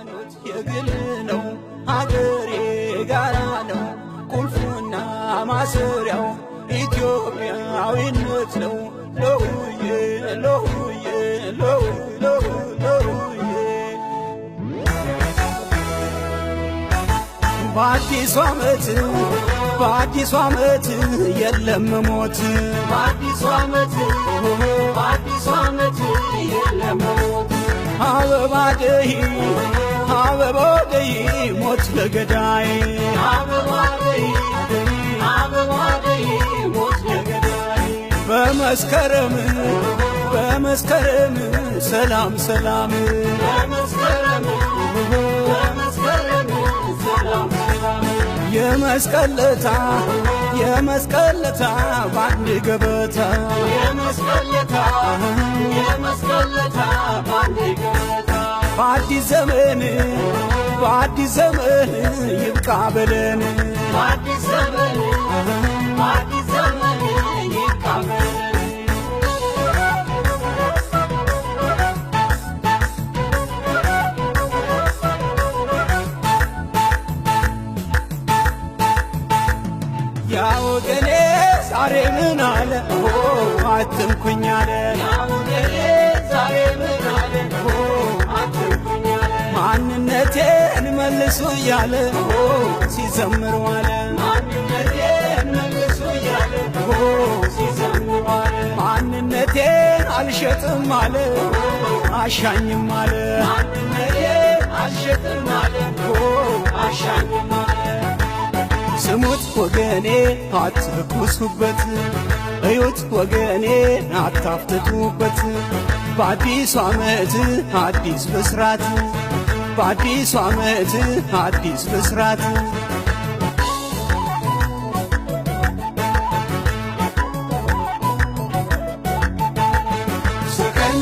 ሃይማኖት የግል ነው፣ ሀገር የጋራ ነው። ቁልፉና ማሰሪያው ኢትዮጵያዊነት ነው። ለሁዬ ለሁዬ ለሁ ለሁ በአዲሱ ዓመት በአዲሱ ዓመት የለም ሞት በአዲሱ ዓመት በአዲሱ ዓመት የለም ሞት አበባ አበባለይ ሞት ለገዳይ በመስከረም በመስከረም ሰላም ሰላም የመስቀለታ የመስቀለታ ባንድ ገበታ የመስቀለታ የመስቀለታ ባንድ ገበታ በአዲስ ዘመን በአዲስ ዘመን ይብቃ በለን በአዲስ ዘመን በአዲስ ዘመን ይብቃ በለን ያወገኔ ዛሬ ምን አለ አትምኩኝ አለ ያወገኔ ዛሬ ምን አለ ማንነቴን መልሱ እያለ ሲዘምር ዋለ። ማንነቴን አልሸጥም አለ አሻኝም አለ ስሙት ወገኔ አትርኩሱበት፣ እዩት ወገኔ አታፍትቱበት። በአዲሱ ዓመት አዲስ ብስራት በአዲሱ ዓመት አዲስ ብስራት ሰከን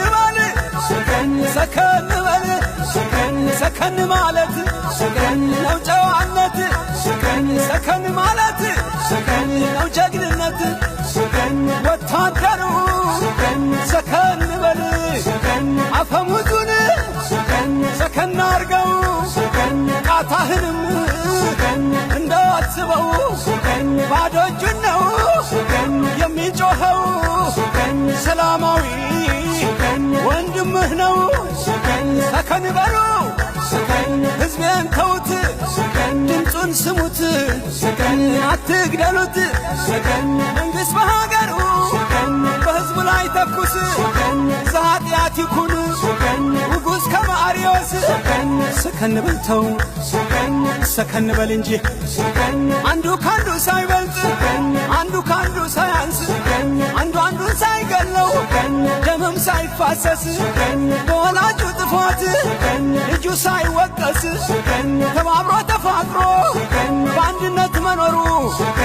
በል ሰከን ሰከን ማለት ሰከን ነው ጨዋነት ሰከን ሰከን ማለት ሰከን ነው ጀግንነት ሰከን ወታደሩ አፈሙዙን ሰከን አርገው ቃታህንም እንዳትስበው ባዶ እጁን ነው የሚጮኸው ሰላማዊ ወንድምህ ነው። ሰከን በሉ ሕዝቤን ተዉት ድምፁን ስሙት ትግደሉት መንግሥት በሀገሩ በሕዝቡ ላይ ተኩስ ዘኃጢአት ይኩን ንጉሥ ከመአርዮስ ሰከን በልተው ሰከን በል እንጂ አንዱ ካንዱ ሳይበልጥ አንዱ ካንዱ ሳያንስ አንዱ አንዱን ሳይገለው ደምም ሳይፋሰስ በወላጁ ጥፋት ልጁ ሳይወቀስ ተባብሮ ተፋቅሮ منورو